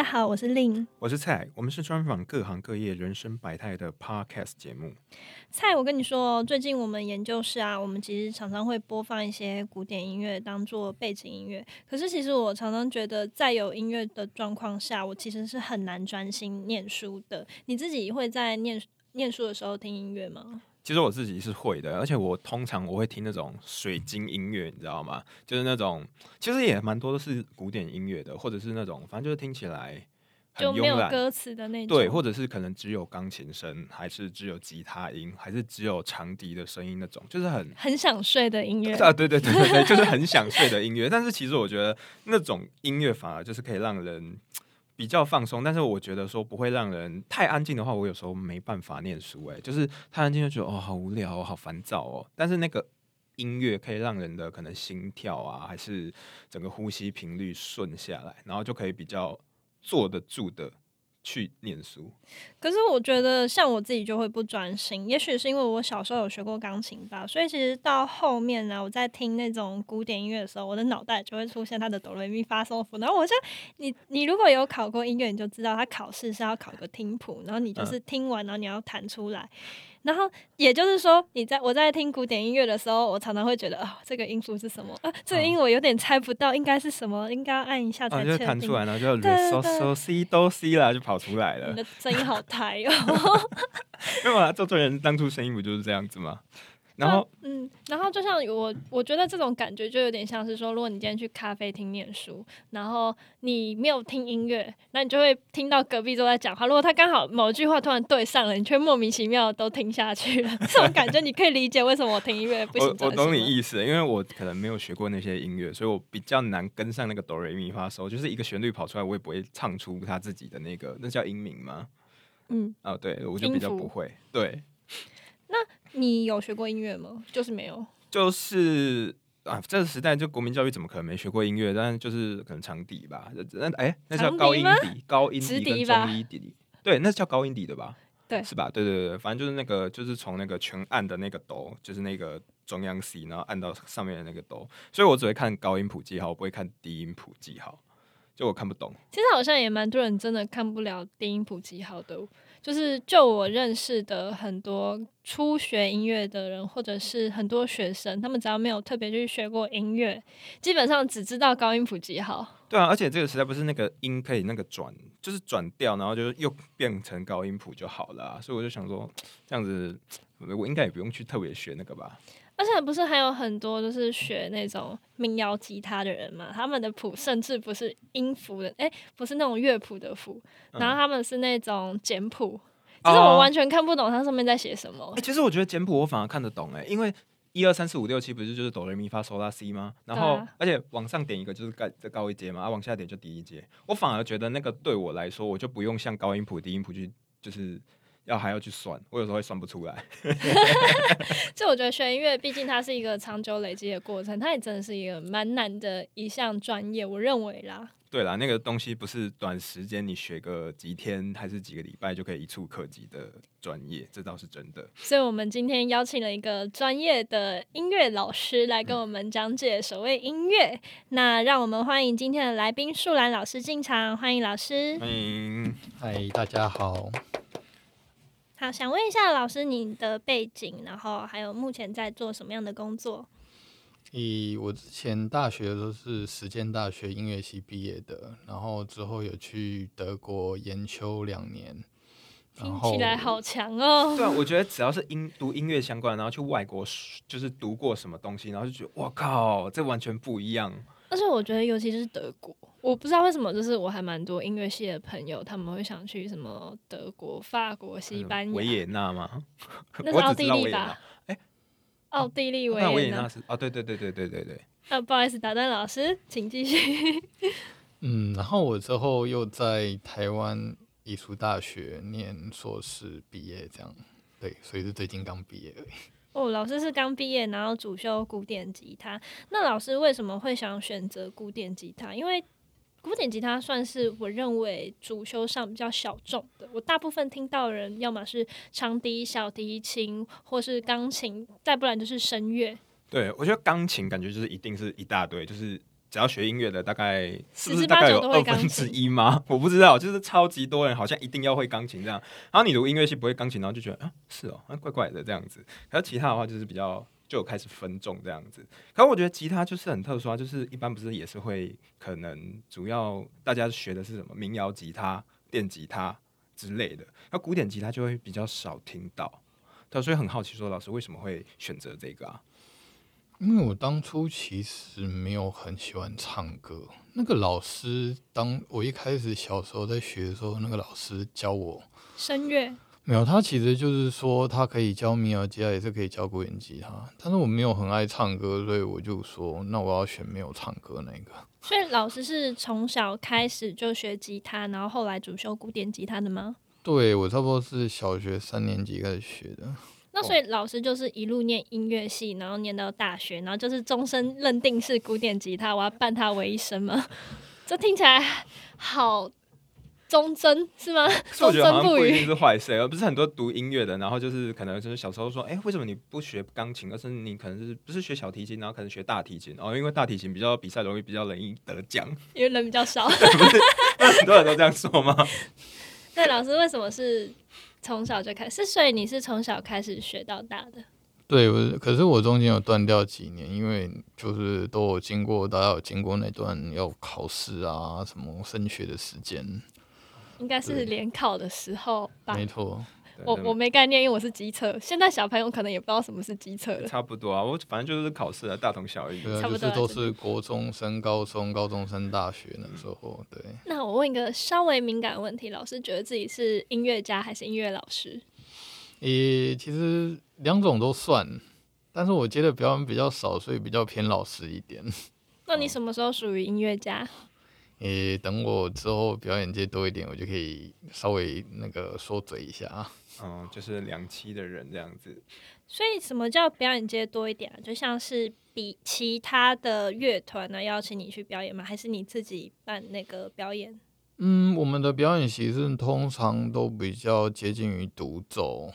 大家好，我是令，我是蔡，我們是專訪各行各業人生百態的 podcast 節目。蔡，我跟你說，最近我們研究室啊，我們其實常常會播放一些古典音樂當做背景音樂。可是，其實我常常覺得，在有音樂的狀況下，我其實是很難專心念書的。你自己會在念念書的時候聽音樂嗎？其實我自己是會的，而且我通常我會聽那種水晶音樂，你知道嗎？就是那種其實也蠻多都是古典音樂的，或者是那種反正就是聽起來很慵懶，就沒有歌詞的那種，對，或者是可能只有鋼琴聲，還是只有吉他音，還是只有長笛的聲音那種，就是很很想睡的音樂啊！對對對對對，就是很想睡的音樂。 但是其實我覺得那種音樂反而就是可以讓人。比較放鬆，但是我覺得說不會讓人太安靜的話，我有時候沒辦法念書哎，就是太安靜就覺得哦，好無聊哦，好煩躁哦。但是那個音樂可以讓人的可能心跳啊，還是整個呼吸頻率順下來，然後就可以比較坐得住的去念書，可是我覺得像我自己就會不專心，也許是因為我小時候有學過鋼琴吧，所以其實到後面呢、啊，我在聽那種古典音樂的時候，我的腦袋就會出現他的哆來咪發嗦符。然後我想你你如果有考過音樂，你就知道他考試是要考個聽譜，然後你就是聽完然後你要彈出來。嗯然後也就是說，你在我在聽古典音樂的時候，我常常會覺得啊、哦，這個音符是什麼？啊，這個音我有點猜不到應，哦、應該是什麼？應該要按一下才、哦、就彈出來了，就手手 C 都 C 了，就跑出來了。你聲音好抬哦！ 沒有啊，周作人當初聲音不就是這樣子嗎？然後、啊，嗯，然後就像我，我覺得這種感覺就有點像是說，如果你今天去咖啡廳念書，然後你沒有聽音樂，那你就會聽到隔壁都在講話。如果他剛好某一句話突然對上了，你卻莫名其妙都聽下去了，這種感覺你可以理解為什麼我聽音樂不行？ 我，我懂你意思， 因為我可能沒有學過那些音樂，所以我比較難跟上那個哆瑞咪發嗦，就是一個旋律跑出來，我也不會唱出他自己的那個，那叫音名嗎？嗯，哦，對，我就比較不會。音符。對，那。你有學過音樂嗎？就是沒有，就是啊，這個時代就國民教育怎麼可能沒學過音樂？但就是可能長笛吧，那哎、欸，那叫高音笛，高音笛跟中音笛，對，那是叫高音笛的吧？對，是吧？對對對，反正就是那個，就是從那個全按的那個哆，就是那個中央 C，然後按到上面的那個哆，所以我只會看高音譜記號，我不會看低音譜記號，就我看不懂。其實好像也蠻多人真的看不了低音譜記號的。就是，就我認識的很多初學音樂的人，或者是很多學生，他們只要沒有特別去學過音樂，基本上只知道高音譜記號。對啊，而且這個實在不是那個音可以那個轉，就是轉調，然後就是又變成高音譜就好了，啊。所以我就想說，這樣子我應該也不用去特別學那個吧。而且不是還有很多就是學那種民謠吉他的人嘛，他們的譜甚至不是音符的，誒、欸，不是那種樂譜的譜，然後他們是那種簡譜，嗯、其實我完全看不懂它上面在寫什麼、哦欸。其實我覺得簡譜我反而看得懂誒、欸，因為一二三四五六七不就就是哆來咪發嗦拉西嗎？然後、啊、而且往上點一個就是高再高一階嘛、啊，往下點就低一階。我反而覺得那個對我來說，我就不用像高音譜、低音譜去就是。要還要去算，我有時候會算不出來。這 我覺得學音樂，畢竟它是一個長久累積的過程，它也真的是一個蠻難的一項專業，我認為啦。對啦，那個東西不是短時間你學個幾天還是幾個禮拜就可以一蹴可幾的專業，這倒是真的。所以，我們今天邀請了一個專業的音樂老師來跟我們講解所謂音樂。嗯。那讓我們歡迎今天的來賓樹蘭老師進場，歡迎老師。歡迎，嗨，大家好。好，想問一下老師，你的背景，然後還有目前在做什麼樣的工作？以我之前大學都是實踐大學音樂系畢業的，然後之後有去德國研修兩年。聽起來好強哦。對，我覺得只要是音讀音樂相關，然後去外國就是讀過什麼東西，然後就覺得哇靠，這完全不一樣。但是我覺得，尤其是德國，我不知道為什麼，就是我還蠻多音樂系的朋友，他們會想去什麼德國、法國、西班牙、嗯、維也納嗎？那是奧地利吧？哎，欸、奧地利維也納、啊、是啊，對對對對對對對。呃、啊，不好意思，打斷老師，請繼續。嗯，然後我之後又在台灣藝術大學念碩士畢業，這樣對，所以是最近剛畢業而已。哦，老師是剛畢業，然後主修古典吉他。那老師為什麼會想選擇古典吉他？因為古典吉他算是我認為主修上比較小眾的。我大部分聽到人，要麼是長笛、小提琴，或是鋼琴，再不然就是聲樂。對，我覺得鋼琴感覺就是一定是一大堆，就是。只要學音樂的，大概是不是大概有二分之一嗎？ 我不知道，就是超級多人好像一定要會鋼琴這樣。然後你讀音樂系不會鋼琴，然後就覺得啊是哦，那怪怪的這樣子。然後其他的話就是比較就開始分眾這樣子。可是我覺得吉他就是很特殊啊，就是一般不是也是會可能主要大家學的是什麼民謠吉他、電吉他之類的，那古典吉他就會比較少聽到。對，所以很好奇說，老師為什麼會選擇這個啊？因為我當初其實沒有很喜歡唱歌，那個老師當我一開始小時候在學的時候，那個老師教我聲樂，沒有，他其實就是說他可以教民謠吉他，也是可以教古典吉他，但是我沒有很愛唱歌，所以我就說那我要選沒有唱歌那個。所以老師是從小開始就學吉他，然後後來主修古典吉他的嗎？對，我差不多是小學三年級開始學的。所以老師就是一路念音樂系，然後念到大學，然後就是終身認定是古典吉他，我要伴他為一生嗎？這聽起來好忠貞是嗎？忠貞不渝，好像不一定是壞事，欸，而不是很多讀音樂的，然後就是可能就是小時候說，哎、欸，為什麼你不學鋼琴？而是你可能是不是學小提琴，然後可能學大提琴，然、哦、後因為大提琴比較比賽容易，比較容易得獎，因為人比較少， 那很多人都這樣說嗎？ 那老師為什麼是？從小就開始，所以你是從小開始學到大的。對，我可是我中間有斷掉幾年，因為就是都有經過，大家有經過那段要考試啊，什麼升學的時間，應該是聯考的時候吧。沒錯。我我沒概念，因為我是基測。現在小朋友可能也不知道什麼是基測。差不多啊，我反正就是考試啊，大同小異。差不多都是國中升高中、嗯、高中升大學那時候。對。那我問一個稍微敏感問題：老師覺得自己是音樂家還是音樂老師？咦、欸，其實兩種都算，但是我接的表演比較少，所以比較偏老師一點。那你什麼時候屬於音樂家？誒、啊欸，等我之後表演接多一點，我就可以稍微那個說嘴一下啊。嗯，就是兩棲的人這樣子，所以什麼叫表演接多一點啊？就像是比其他的樂團呢邀請你去表演嗎？還是你自己辦那個表演？嗯，我們的表演形式通常都比較接近於獨奏，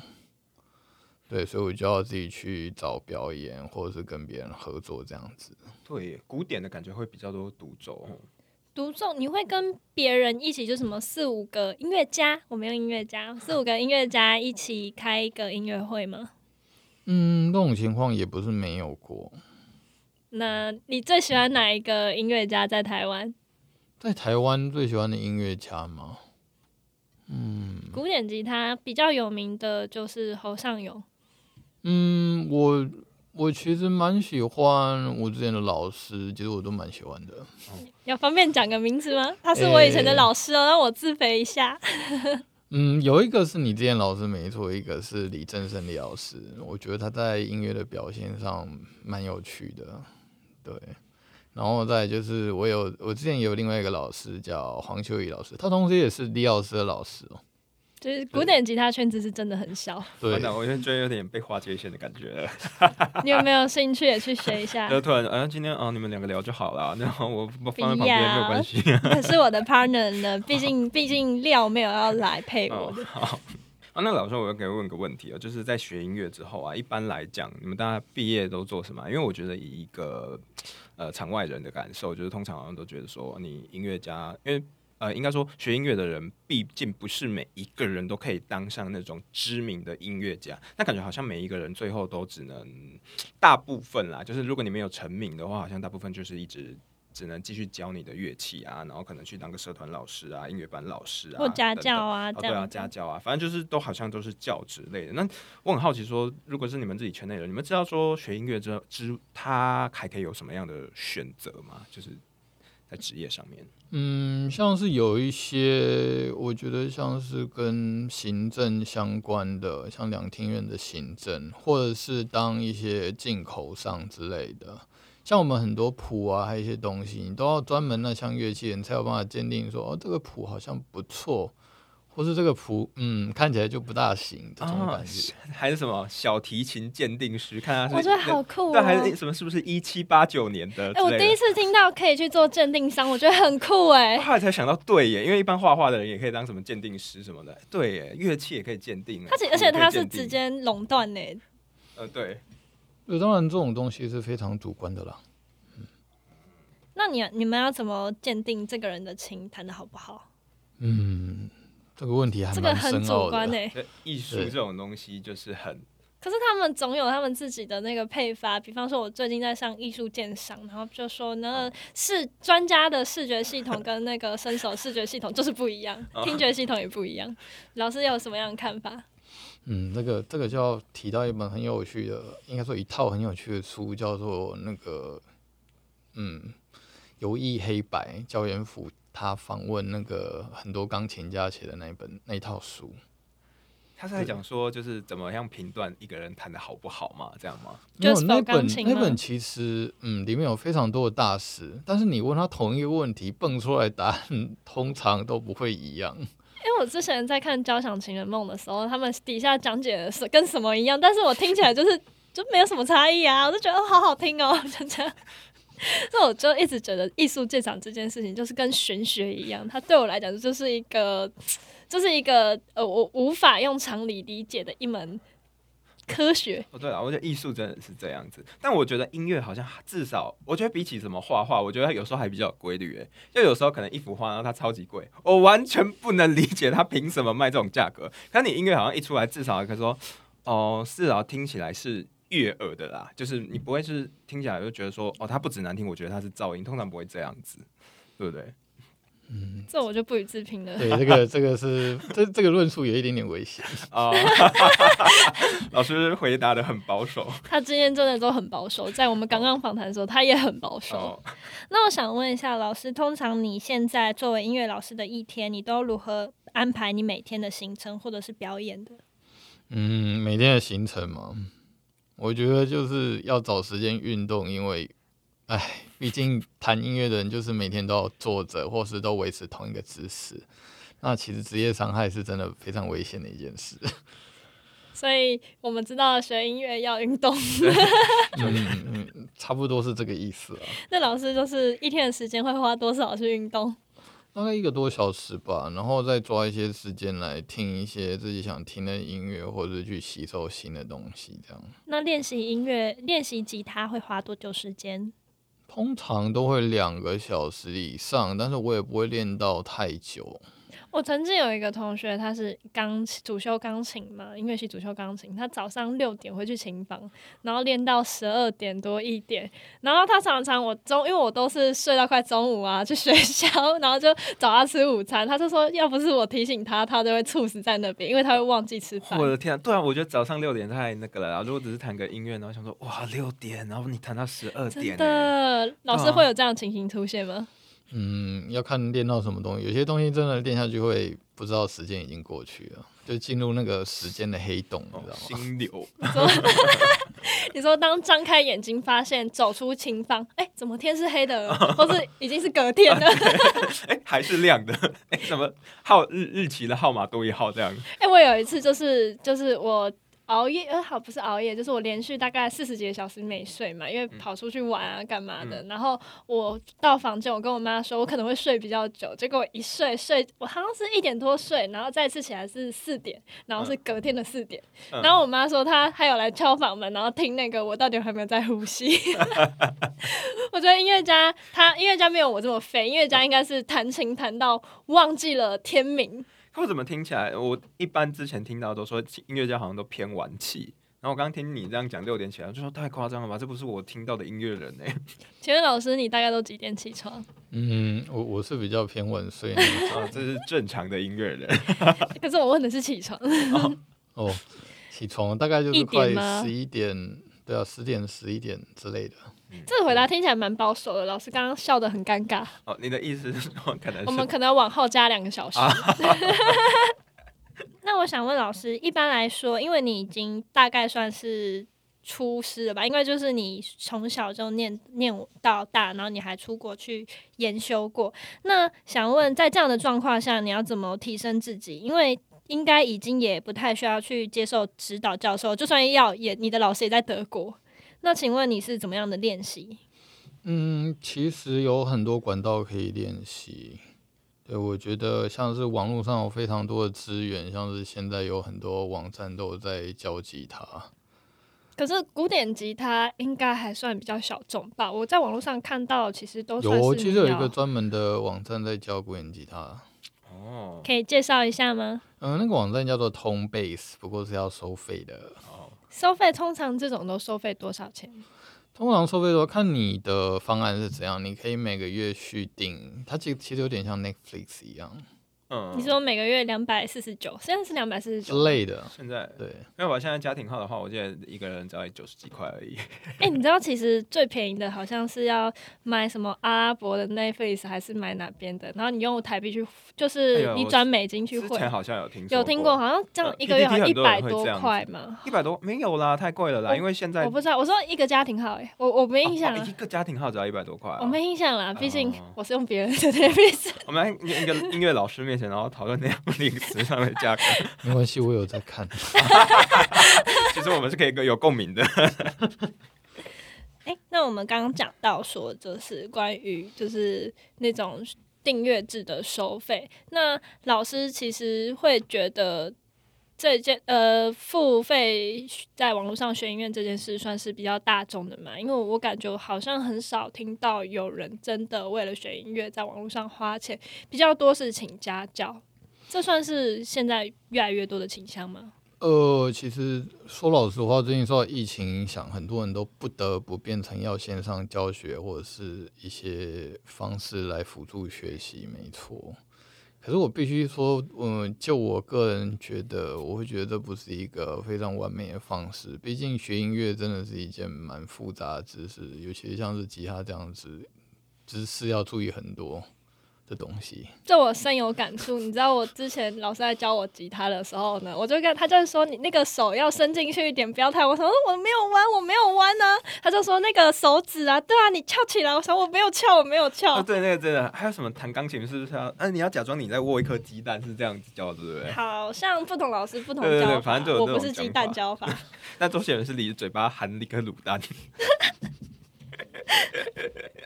對，所以我就要自己去找表演，或者是跟別人合作這樣子。對，古典的感覺會比較多獨奏。嗯獨奏你會跟別人一起就什麼四五個音樂家？我沒有音樂家，四五個音樂家一起開一個音樂會嗎？嗯，這種情況也不是沒有過。那你最喜歡哪一個音樂家在台灣？在台灣最喜歡的音樂家嗎？嗯，古典吉他比較有名的就是侯尚勇。嗯，我。我其實蠻喜歡我之前的老師，其實我都蠻喜歡的。要、哦，方便講個名字嗎？他是我以前的老師哦，欸，讓我自肥一下。 嗯，有一個是你之前老師沒錯，一個是李振生李老師，我覺得他在音樂的表現上蠻有趣的。對，然後再就是我有我之前也有另外一個老師叫黃秋怡老師，他同時也是李老師的老師哦。就是古典吉他圈子，是真的很小。對的，我就覺得有點被劃界線的感覺。 你有沒有興趣也去學一下？就 突然，好、啊、今天，哦、啊，你們兩個聊就好了，那我我放在旁邊沒有關係。 可是我的 partner 呢？畢竟畢 竟，竟料沒有要來配我 啊、好，啊，那老師我要給問個問題啊，就是在學音樂之後啊，一般來講，你們大家畢業都做什麼、啊？因為我覺得以一個呃場外人的感受，就是通常好像都覺得說，你音樂家，因為。呃，應該說學音樂的人，畢竟不是每一個人都可以當上那種知名的音樂家，那感覺好像每一個人最後都只能大部分，啦，就是如果你沒有成名的話，好像大部分就是一直只能繼續教你的樂器啊，然後可能去當個社團老師啊，音樂班老師啊，或家教啊等等，哦，對啊，家教啊，反正就是都好像都是教職類的。那我很好奇說，說如果是你們自己圈內人，你們知道說學音樂之後之他還可以有什麼樣的選擇嗎？就是。在職業上面，嗯，像是有一些，我覺得像是跟行政相關的，像兩廳院的行政，或者是當一些進口商之類的，像我們很多譜啊，還有一些東西，你都要專門那項樂器，你才有辦法鑑定說，說哦，這個譜好像不錯。或是這個譜，嗯，看起來就不大行這種感覺、啊、還是什麼小提琴鑑定師？看他是，我覺得好酷、啊。但還是什麼？是不是一七八九年的，的？哎、欸，我第一次聽到可以去做鑑定商，我覺得很酷哎、欸。後來、啊、才想到，對耶，因為一般畫畫的人也可以當什麼鑑定師什麼的，對耶，樂器也可以鑑定，且定。它而且它是直接壟斷呢。呃，對，對，當然這種東西是非常主觀的啦。嗯，那你你們要怎麼鑑定這個人的琴彈得好不好？嗯。這個問題還深的，這個很主觀呢、欸。藝術這種東西就是很，可是他們總有他們自己的那個配法。比方說，我最近在上藝術鑑賞，然後就說那，那視專家的視覺系統跟那個生手視覺系統就是不一樣，哦、聽覺系統也不一樣。老師有什麼樣的看法？嗯，這個這個就要提到一本很有趣的，應該說一套很有趣的書，叫做那個嗯《遊藝黑白》焦元溥他訪問那個很多鋼琴家寫的那一本那一套書，他是在講說就是怎麼樣評斷一個人彈得好不好嘛，這樣嗎？就是 那本那本其實嗯，裡面有非常多的大師，但是你問他同一個問題，蹦出來答案通常都不會一樣。因為我之前在看《交響情人夢》的時候，他們底下講解的是跟什麼一樣，但是我聽起來就是 就沒有什麼差異啊，我就覺得好好聽哦，真的。那我就一直覺得藝術鑑賞這件事情就是跟玄學一樣，它對我來講就是一個，就是一個呃，我無法用常理理解的一門科學。哦，對啊，我覺得藝術真的是這樣子，但我覺得音樂好像至少，我覺得比起什麼畫畫，我覺得有時候還比較有規律誒。就有時候可能一幅畫，然後它超級貴，我完全不能理解它憑什麼賣這種價格。但你音樂好像一出來，至少可以說，哦，至少聽起來是悅耳的啦，就是你不會是聽起來就覺得說哦，他不止難聽，我覺得他是噪音，通常不會這樣子，對不對？嗯，這我就不予置評了。對，這個這個是 這這個論述也有一點點危險啊。老師回答得很保守，他今天真的都很保守，在我們剛剛訪談的時候，他也很保守。哦、那我想問一下老師，通常你現在作為音樂老師的一天，你都如何安排你每天的行程或者是表演的？嗯，每天的行程嘛。我覺得就是要找時間運動，因為，哎，畢竟彈音樂的人就是每天都要坐着，或是都維持同一個姿勢，那其實職業傷害是真的非常危險的一件事。所以我們知道學音樂要運動。 嗯嗯，嗯，差不多是這個意思啊。那老師就是一天的時間會花多少去運動？大概一個多小時吧，然後再抓一些時間來聽一些自己想聽的音樂，或者去吸收新的東西，這樣。那練習音樂，練習吉他會花多久時間？通常都會兩個小時以上，但是我也不會練到太久。我曾經有一個同學，他是鋼主修鋼琴嘛，音樂系主修鋼琴。他早上六點會去琴房，然後練到十二點多一點。然後他常常我中，因為我都是睡到快中午啊，去學校，然後就找他吃午餐。他就說，要不是我提醒他，他就會猝死在那邊，因為他會忘記吃飯。我的天啊，對啊，我覺得早上六點太那個了。然後如果只是彈個音樂，然後想說，哇，六點，然後你彈到十二點、欸。真的，老師會有這樣的情形出現嗎？Uh. 嗯，要看練到什麼東西，有些東西真的練下去會不知道時間已經過去了，就進入那個時間的黑洞，哦、你知道嗎？心流，你說， 你說當張開眼睛發現走出琴房，哎、欸，怎麼天是黑的了，或是已經是隔天了？哎 啊欸，還是亮的？哎、欸，怎麼號日日期的號碼多一號這樣？哎、欸，我有一次就是就是我。熬夜呃，好，不是熬夜，就是我連續大概四十幾個小時沒睡嘛，因為跑出去玩啊，幹嘛的。嗯、然後我到房間，我跟我媽說，我可能會睡比較久。嗯、結果我一睡，睡我好像是一點多睡，然後再次起來是四點，然後是隔天的四點。嗯嗯、然後我媽說她還有來敲房門，然後聽那個我到底有沒有在呼吸。 我覺得音樂家他音樂家沒有我這麼廢，音樂家應該是彈琴彈到忘記了天明。我怎麼聽起來，我一般之前聽到的都說音樂家好像都偏晚起，然後我剛聽你這樣講六點起來，就說太誇張了吧？這不是我聽到的音樂人誒、欸。請問老師，你大概都幾點起床？嗯，我我是比較偏晚睡，這是正常的音樂人。 可是我問的是起床 哦，起床大概就是快十一點，對啊，十點十一點之類的。這個回答聽起來蠻保守的，老師剛剛笑得很尷尬。哦，你的意思是說，可能是我們可能要往後加兩個小時。那我想問老師，一般來說，因為你已經大概算是出師了吧？因為就是你從小就念念到大，然後你還出國去研修過。那想問，在這樣的狀況下，你要怎麼提升自己？因為應該已經也不太需要去接受指導教授，就算要也，你的老師也在德國。那請問你是怎麼樣的練習？嗯，其實有很多管道可以練習。對，我覺得像是網絡上有非常多的資源，像是現在有很多網站都在教吉他。可是古典吉他應該還算比較小眾吧？我在網絡上看到，其實都是有，其實有一個專門的網站在教古典吉他。哦，可以介紹一下嗎？嗯，那個網站叫做 Tone Base，不過是要收費的。收費，通常這種都收費多少錢？通常收費多看你的方案是怎樣，你可以每個月續訂，它其實其實有點像 Netflix 一樣。嗯，你說每個月兩百四十九，現在是兩百四十九，累的。現在對，因為我現在家庭號的話，我現在一個人只要九十幾塊而已。哎、欸， 你知道其實最便宜的好像是要買什麼阿拉伯的 Netflix，還是買哪邊的？然後你用台幣去，就是你轉美金去匯，哎、之前好像有聽過有聽過，好像這樣一個月好像100 1一、啊、百多，多塊嗎？一百多沒有啦，太貴了啦。我因為現在我不知道，我說一個家庭號，哎，我我沒印象、啊哦、一個家庭號只要一百多塊、啊，我沒印象啦，畢竟我是用別人的 Netflix。我們一個音，音樂老師面前。然後討論那名詞上的價格， 沒關係，我有在看。其實我們是可以有共鳴的 。哎、欸，那我們剛剛講到說，就是關於就是那種訂閱制的收費，那老師其實會覺得。這件呃，付費在網絡上學音樂這件事算是比較大眾的嘛？因為我感覺好像很少聽到有人真的為了學音樂在網絡上花錢，比較多是請家教，這算是現在越來越多的傾向嗎？呃，其實說老實話，最近受到疫情影響，很多人都不得不變成要線上教學或者是一些方式來輔助學習，沒錯。可是我必須說，嗯，就我個人覺得，我會覺得這不是一個非常完美的方式。畢竟學音樂真的是一件蠻複雜的知識，尤其是像是吉他這樣子，知識要注意很多的東西，這我深有感觸。你知道我之前老師在教我吉他的時候呢，我就跟他就是說，你那個手要伸進去一點，不要太。我說我沒有彎，我沒有彎呢、啊。他就說那個手指啊，對啊，你翹起來。我說我沒有翹，我沒有翹、哦。對，那個真的。還有什麼彈鋼琴是不是要、啊？你要假裝你在握一顆雞蛋是這樣子教，對不對？好像不同老師不同教法。對對對，反正就我不是雞蛋教法。那周杰倫是你的嘴巴含一個滷蛋。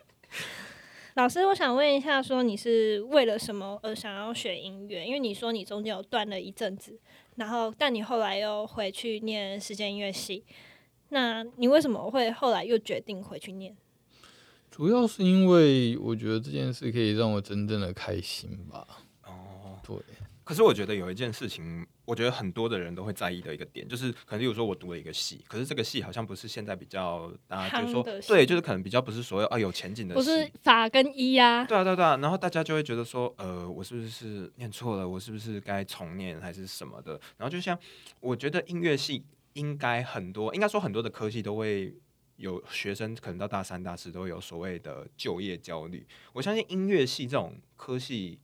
老師，我想問一下，說你是為了什麼而想要學音樂？因為你說你中間有斷了一陣子，然後但你後來又回去念時間音樂系，那你為什麼會後來又決定回去念？主要是因為我覺得這件事可以讓我真正的開心吧。哦，oh. 對。可是我覺得有一件事情，我覺得很多的人都會在意的一個點，就是可能有時候我讀了一個系，可是這個系好像不是現在比較大家就說對，就是可能比較不是所有啊有前景的系，不是法跟醫啊，對啊對對啊，然後大家就會覺得說呃，我是不是念錯了，我是不是該重念還是什麼的？然後就像我覺得音樂系應該很多，應該說很多的科系都會有學生，可能到大三大四都有所謂的就業焦慮。我相信音樂系這種科系。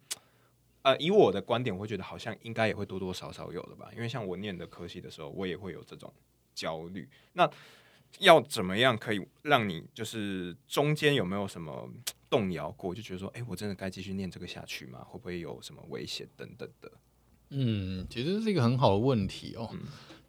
呃，以我的觀點，我會覺得好像應該也會多多少少有的吧，因為像我念的科系的時候，我也會有這種焦慮。那要怎麼樣可以讓你就是中間有沒有什麼動搖過？就覺得說，哎、欸，我真的該繼續念這個下去嗎？會不會有什麼危險等等的？嗯，其實是一個很好的問題哦、喔。嗯、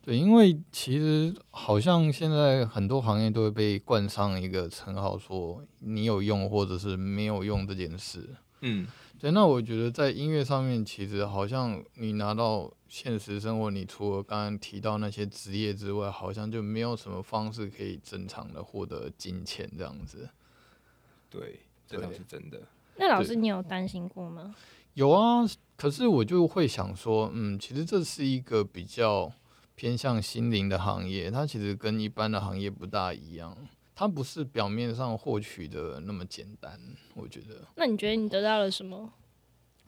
對，因為其實好像現在很多行業都會被冠上一個稱號，說你有用或者是沒有用這件事。嗯。那我覺得在音樂上面，其實好像你拿到現實生活，你除了剛剛提到那些職業之外，好像就沒有什麼方式可以正常的獲得金錢這樣子。對，這倒是真的。那老師，你有擔心過嗎？有啊，可是我就會想說，嗯，其實這是一個比較偏向心靈的行業，它其實跟一般的行業不大一樣。它不是表面上獲取的那麼簡單，我覺得。那你覺得你得到了什麼？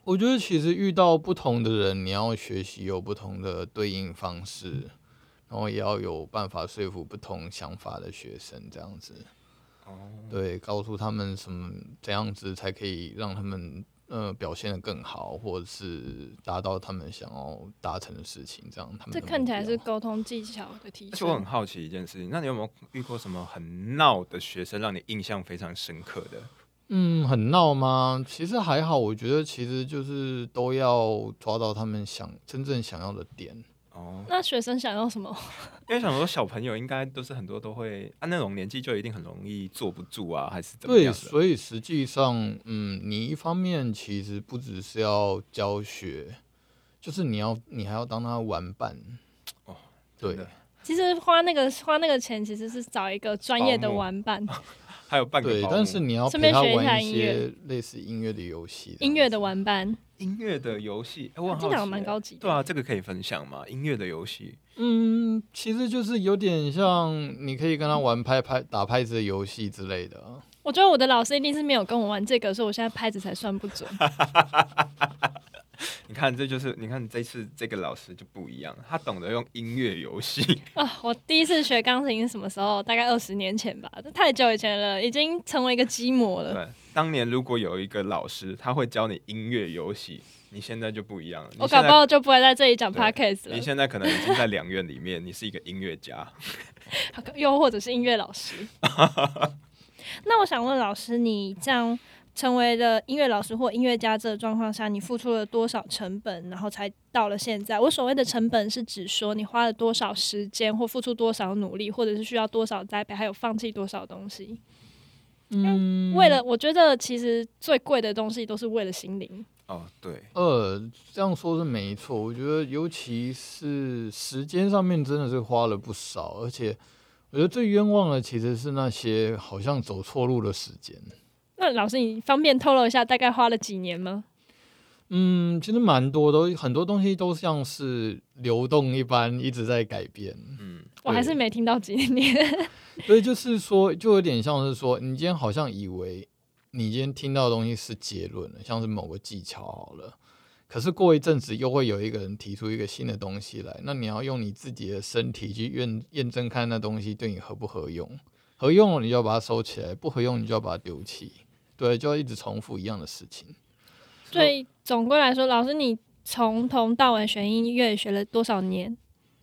我覺得其實遇到不同的人，你要學習有不同的對應方式，然後也要有辦法說服不同想法的學生，這樣子。對，告訴他們什麼，這樣子才可以讓他們。呃，表現得更好，或者是達到他們想要達成的事情，這樣他們這看起來是溝通技巧的提升。而且我很好奇一件事情，那你有沒有遇過什麼很鬧的學生，讓你印象非常深刻的？嗯，很鬧嗎？其實還好，我覺得其實就是都要抓到他們想真正想要的點。哦，那學生想要什麼？因為想說小朋友應該都是很多都會按，啊、那種年紀就一定很容易坐不住啊，還是怎麼樣？對，所以實際上，嗯，你一方面其實不只是要教學，就是你要你還要當他玩伴。哦，對。其實花那個花那個錢，其實是找一個專業的玩伴。還有半個，對，但是你要順便學一些類似音樂的遊戲，音樂的玩伴。音樂的遊戲，哇、欸，起來蠻高級的。對啊，這個可以分享嗎？音樂的遊戲，嗯，其實就是有點像，你可以跟他玩拍拍打拍子的遊戲之類的。我覺得我的老師一定是沒有跟我玩這個，所以我現在拍子才算不準。 你看，這就是你看這次這個老師就不一樣，他懂得用音樂遊戲啊！我第一次學鋼琴是什麼時候？大概二十年前吧，這太久以前了，已經成為一個寂寞了。對。當年如果有一個老師，他會教你音樂遊戲，你現在就不一樣了。我、哦、搞不好就不會在這裡講 podcast 了。你現在可能已經在兩院裡面， 你是一個音樂家， 又或者是音樂老師。 那我想問老師，你這樣成為了音樂老師或音樂家這個狀況下，你付出了多少成本，然後才到了現在？我所謂的成本是指說你花了多少時間，或付出多少努力，或者是需要多少栽培，還有放棄多少東西。嗯，為，為了我覺得，其實最貴的東西都是為了心靈。哦，對，呃，這樣說是沒錯。我覺得，尤其是時間上面，真的是花了不少。而且，我覺得最冤枉的其實是那些好像走錯路的時間。那老師，你方便透露一下大概花了幾年嗎？嗯，其實蠻多都很多東西都像是流動一般，一直在改變。嗯，對我還是沒聽到結論。所以就是說，就有點像是說，你今天好像以為你今天聽到的東西是結論，像是某個技巧好了。可是過一陣子，又會有一個人提出一個新的東西來，那你要用你自己的身體去驗驗證，看那東西對你合不合用？合用了，你就要把它收起來；不合用，你就要把它丟棄。對，就要一直重複一樣的事情。所以總歸來說，老師，你從頭到尾學音樂學了多少年？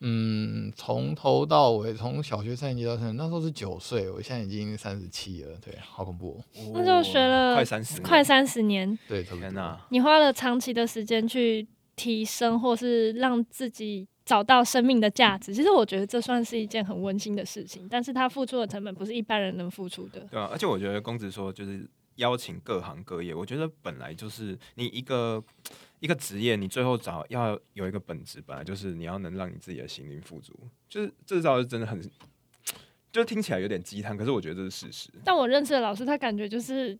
嗯，從頭到尾，從小學三年級到現在，那時候是九歲，我現在已經三十七了，對，好恐怖、哦。哦、那時候學了快三十快三十年，年對，啊、你花了長期的時間去提升，或是讓自己找到生命的價值。其實我覺得這算是一件很溫馨的事情，但是它付出的成本不是一般人能付出的。對而、啊、且我覺得公子說就是。邀請各行各業，我覺得本來就是你一個一個職業，你最後找要有一個本質，本來就是你要能讓你自己的心靈富足，就是這招是真的很，就聽起來有點雞湯，可是我覺得這是事實。但我認識的老師，他感覺就是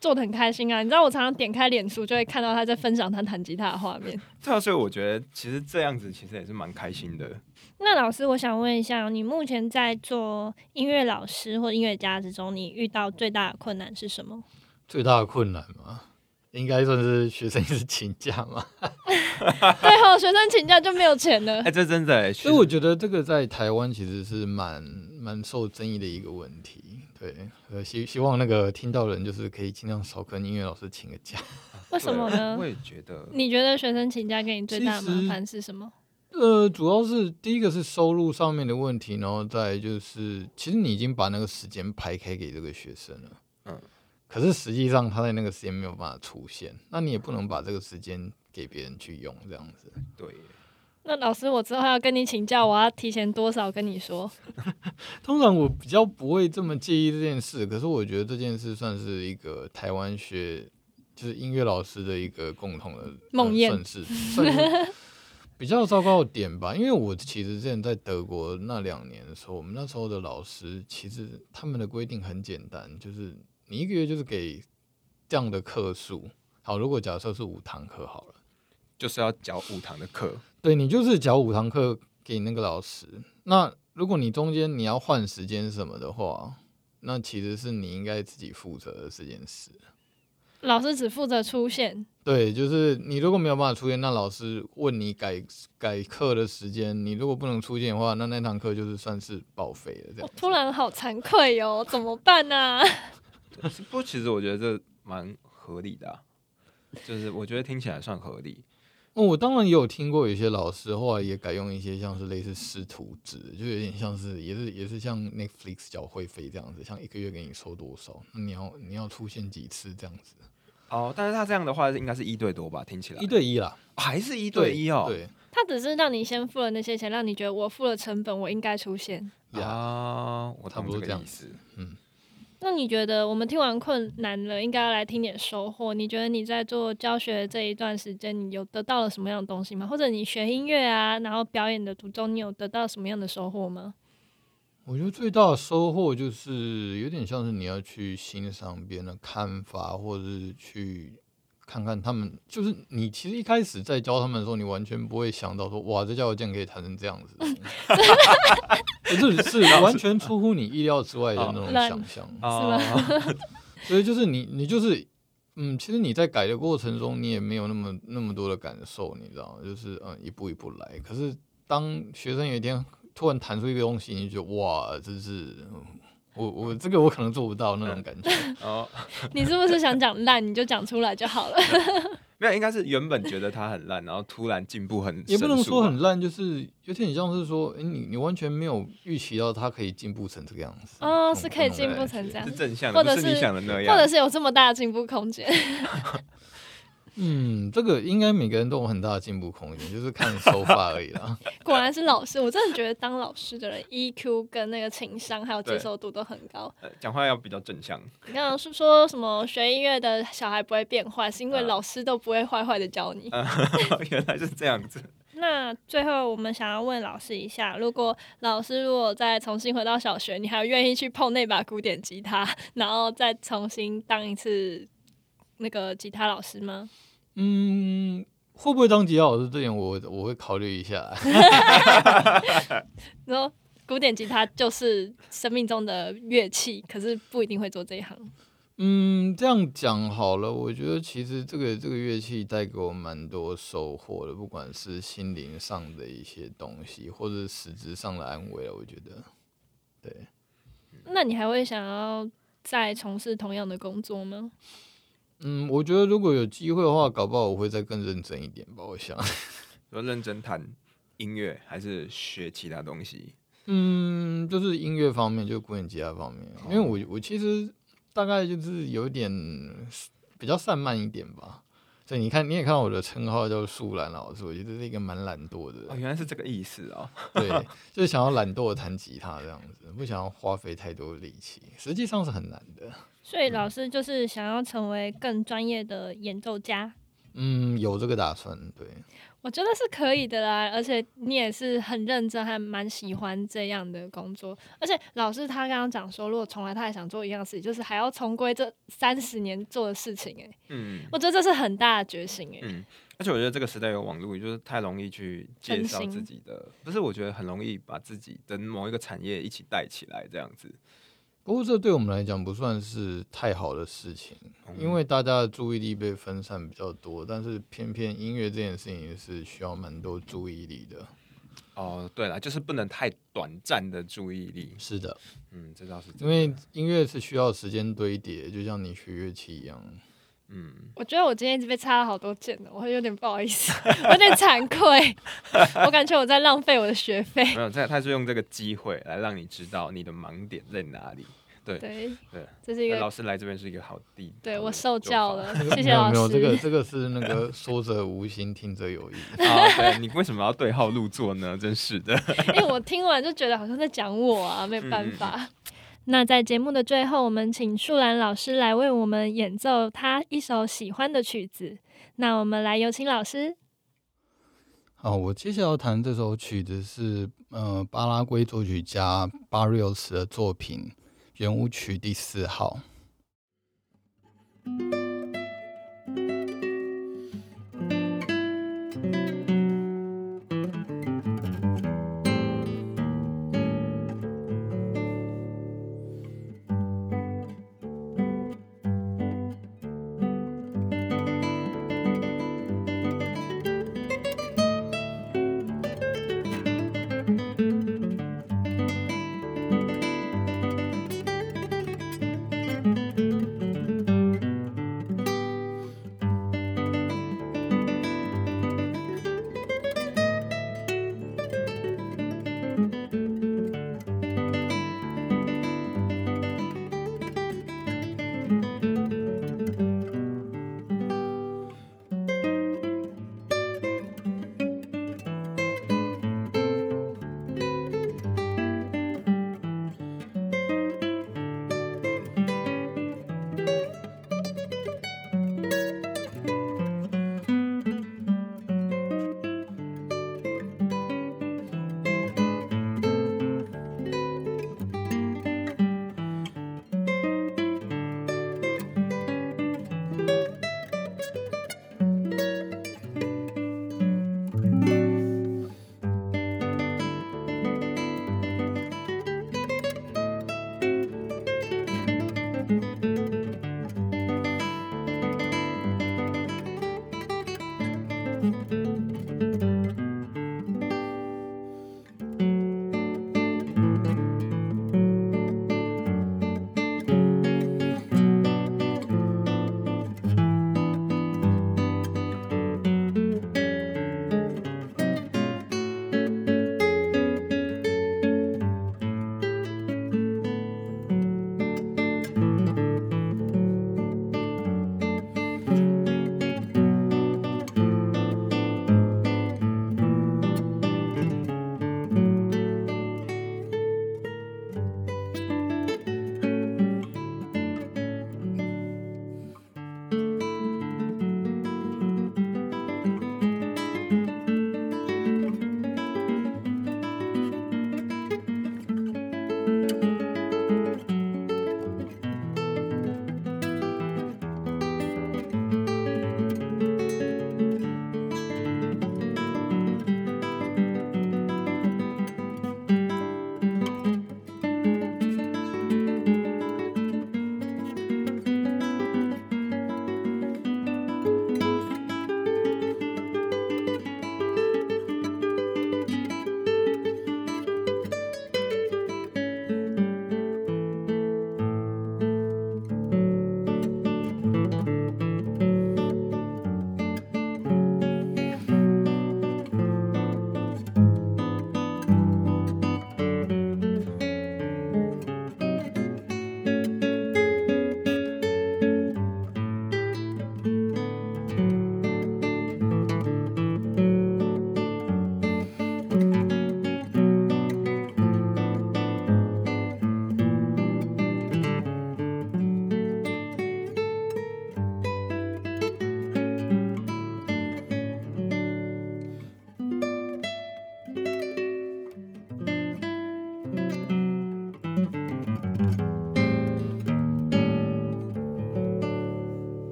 做得很開心啊，你知道，我常常點開臉書就會看到他在分享他彈吉他的畫面，對啊，所以我覺得其實這樣子其實也是蠻開心的。那老師，我想問一下，你目前在做音樂老師或音樂家之中，你遇到最大的困難是什麼？最大的困難嗎？應該算是學生一直請假嘛。 對哦、哦、學生請假就沒有錢了，哎、欸，這真的、欸。所以我覺得這個在台灣其實是蠻蠻受爭議的一個問題。對，呃，希希望那個聽到人就是可以盡量少跟音樂老師請個假。 為什麼呢？我也覺得。你覺得學生請假給你最大的麻煩是什麼？呃，主要是第一個是收入上面的問題，然後再就是，其實你已經把那個時間排開給這個學生了，嗯，可是實際上他在那個時間沒有辦法出現，那你也不能把這個時間給別人去用，這樣子。對耶。那老師，我之後要跟你請教，我要提前多少跟你說？ 通常我比較不會這麼介意這件事，可是我覺得這件事算是一個台灣學，就是音樂老師的一個共同的夢魘，言嗯、算是。算是 比較糟糕的點吧，因為我其實之前在德國那兩年的時候，我們那時候的老師其實他們的規定很簡單，就是你一個月就是給這樣的課數。好，如果假設是五堂課好了，就是要繳五堂的課，對，你就是繳五堂課給那個老師。那如果你中間你要換時間什麼的話，那其實是你應該自己負責的這件事。老師只負責出現，對，就是你如果沒有辦法出現，那老師問你改改課的時間，你如果不能出現的話，那那堂課就是算是報廢了。這樣，我突然好慚愧喲、哦， 怎麼辦呢、啊？不，其實我覺得這蠻合理的、啊、就是我覺得聽起來算合理。哦，我當然也有聽過，有些老師後來也改用一些像是類似師徒制，就有點像是也是也是像 Netflix 繳會費這樣子，像一個月給你收多少，嗯、你要你要出現幾次這樣子。哦，oh, 但是他這樣的話應該是一對多吧？聽起來一對一啦，oh, 還是一對一哦、喔？對，他只是讓你先付了那些錢，讓你覺得我付了成本，我應該出現。啊，我差不多這樣子，嗯。那你覺得我們聽完困難了，應該要來聽點收穫。你覺得你在做教學這一段時間，你有得到了什麼樣的東西嗎？或者你學音樂啊，然後表演的途中，你有得到什麼樣的收穫嗎？我覺得最大的收穫就是，有點像是你要去欣賞別人的看法，或者是去。看看他們，就是你。其實一開始在教他們的時候，你完全不會想到說，哇，這教育竟然可以彈成這樣子，是，是完全出乎你意料之外的那種想象， 所以就是你，你就是，嗯，其實你在改的過程中，你也沒有那麼那麼多的感受，你知道，就是嗯，一步一步來。可是當學生有一天突然彈出一個東西，你就覺得哇，這是。嗯我我這個我可能做不到那種感覺哦。嗯、 你是不是想講爛， 你就講出來就好了？ 沒有，應該是原本覺得他很爛，然後突然進步很，也不能說很爛，就是有點你像是說，哎、欸，你你完全沒有預期到他可以進步成這個樣子。哦，種是可以進步成這樣，是正向的，或者是，不是你想的那樣，或者是有這麼大的進步空間。 嗯，這個應該每個人都有很大的進步空間，就是看手法而已啦。 果然是老師，我真的覺得當老師的人 EQ 跟那個情商還有接受度都很高。對、呃、講話要比較正向。你剛剛是說什麼學音樂的小孩不會變壞，是因為老師都不會壞壞的教你。呃呃、原來就是這樣子。 那最後我們想要問老師一下，如果老師如果再重新回到小學，你還願意去碰那把古典吉他，然後再重新當一次？那個吉他老師嗎？嗯，會不會當吉他老師？這點我我會考慮一下。你說，古典吉他就是生命中的樂器，可是不一定會做這一行。嗯，這樣講好了。我覺得其實這個這個樂器帶給我蠻多收穫的，不管是心靈上的一些東西，或者實質上的安慰啊，我覺得，對。那你還會想要再從事同樣的工作嗎？嗯，我覺得如果有機會的話，搞不好我會再更認真一點吧。我想說，認真彈音樂還是學其他東西？嗯，就是音樂方面，就是古典吉他方面，哦，因為我我其實大概就是有點比較散漫一點吧。所以你看，你也看到我的稱號叫“樹懶老師”，我覺得這是一個蠻懶惰的。哦，原來是這個意思哦。對，就是想要懶惰彈吉他這樣子，不想要花費太多力氣。實際上是很難的。所以老師就是想要成為更專業的演奏家，嗯，有這個打算，對。我覺得是可以的啦，而且你也是很認真，還蠻喜歡這樣的工作。嗯、而且老師他剛剛講說，如果重來，他還想做一樣的事情，就是還要重歸這三十年做的事情、欸。哎、嗯，嗯我覺得這是很大的決心、欸，哎。嗯，而且我覺得這個時代有網絡，就是太容易去介紹自己的，不行是？我覺得很容易把自己跟某一個產業一起帶起來，這樣子。不過這對我們來講不算是太好的事情，嗯、因為大家的注意力被分散比較多。但是偏偏音樂這件事情也是需要蠻多注意力的。哦，對了，就是不能太短暫的注意力。是的，嗯，這倒是這樣的。因為音樂是需要時間堆疊，就像你學樂器一樣。嗯，我覺得我今天一直被插了好多箭了。我有點不好意思，我有點慚愧。 我感覺我在浪費我的學費。 沒有，他是用這個機會來讓你知道你的盲點在哪裡。對對對，對這是一個老師來這邊是一個好地方。對我受教了，好 謝謝老師。沒有沒有這個這個是那個說者無心，聽者有意。好、 哦、你為什麼要對號入座呢？真是的。 因為我聽完就覺得好像在講我啊，沒有辦法。嗯那在節目的最後，我們請樹蘭老師來為我們演奏他一首喜歡的曲子。那我們來有請老師。好，我接下來要彈這首曲子是呃巴拉圭作曲家巴瑞歐斯的作品《圓舞曲第四號》。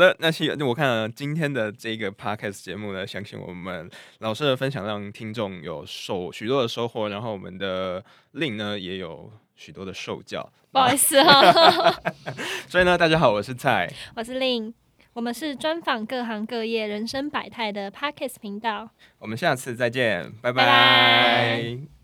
好的，那我看了今天的這個 podcast 節目呢，相信我們老師的分享讓聽眾有受許多的收穫，然後我們的 Lin 呢也有許多的受教，不好意思，哦。 所以呢，大家好，我是蔡，我是 Lin，我們是專訪各行各業人生百態的 podcast 頻道，我們下次再見，拜拜。Bye bye